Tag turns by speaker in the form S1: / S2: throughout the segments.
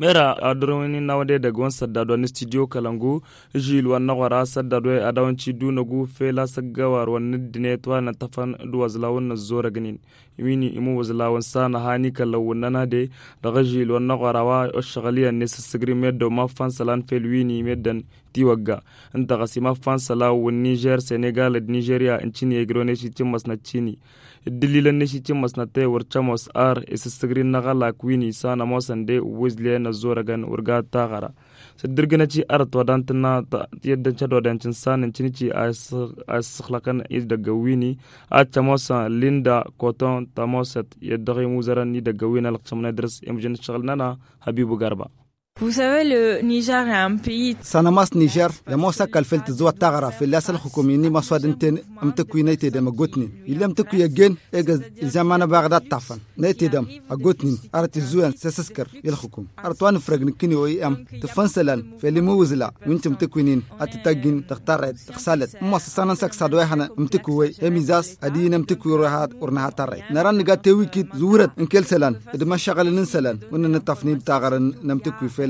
S1: mera adoroni nawde de gon saddado na studio kalangu jil wanna wara saddado e adawanci dunagu fela saggawar wanne dine to na tafan duwazlawon na zora ganin imini imu wazlawon sana hani kalawun nana de daga jil wanna wara wa shagaliyan ne sasigri meddo mafan salan felwini dan. tiwagga nta gasima fansa wun niger senegal nigeria cine egro neshiti masnachini dilila neshiti masnate warchamos ar na nagala kwini sana mosande wizle na zoragan urga ci sadirganachi artwadantana yaddanchadodanchin sanancinichi asiklakan idagawini achamosa linda coton tamoset yaddaqimuzaran idagawina lakchamanadras imjin shaqlnana habibu garba
S2: Vous savez, le Niger est un pays.
S1: Sanamas Niger, la Mossa Kalfelt Zoua
S3: Tagara, Filasal Hukumini, Maswadinten, Amtekuinete de Magotni. Il aime Tekuya Gen, Egaz, Zamana Bagdad Tafan, Netedam, Agotni, Artizuan, Sesasker, Il Hukum. Artuan Fragnkin OEM, Tefanselan, Felimuzla, Wintum Tekuinin, Atitagin, Tartaret, Salet, Mossanan Saksadwehana, Mtekue, Emizas, Adinam Tekurahat, Urnahatare. Naran Gatewikit, Zurat, Nkelselan, Edmashagal Ninselan, Unatafnil Tagaran,
S1: Namtekufel.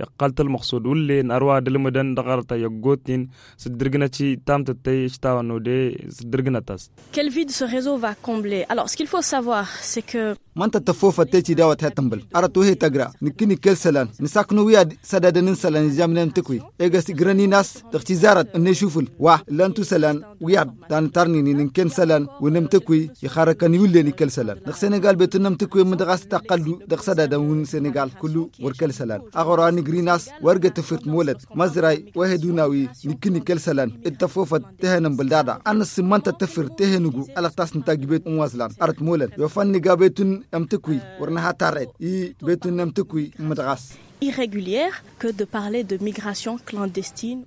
S1: يقلت المقصود واللي نروى دلمدن دغرت يقوتين سدرجنا شي تام تتي شتاو نودي سدرجنا تاس
S2: Quel vide ce réseau va combler Alors ce qu'il faut savoir c'est que
S3: من تتفوف تيجي داوة هتنبل أردت هي تقرأ نكني كل سلان نساكنو ويا سداد ننسلان جاملين تكوي إيجاس إجراني ناس تختزارت أن يشوفل واه لانتو سلان ويا دان ترنيني نكن سلان تكوي يخاركن يوليني كل سلان دخ سنغال بيتو نمتكوي مدغاس تقلو دخ سداد ون سنغال كلو وركل سلان أغراني تجريناس ورقة تفرت مولد مزراي وهدوناوي نكني كل سلان التفوفة تهنم بلدادا أنا سمانتا تفر تاس نتاج بيت أموازلان أرت مولد نجا بيتون أمتكوي ورنها تاريت إي بيتون أمتكوي مدغاس
S2: irrégulière que de parler de migration clandestine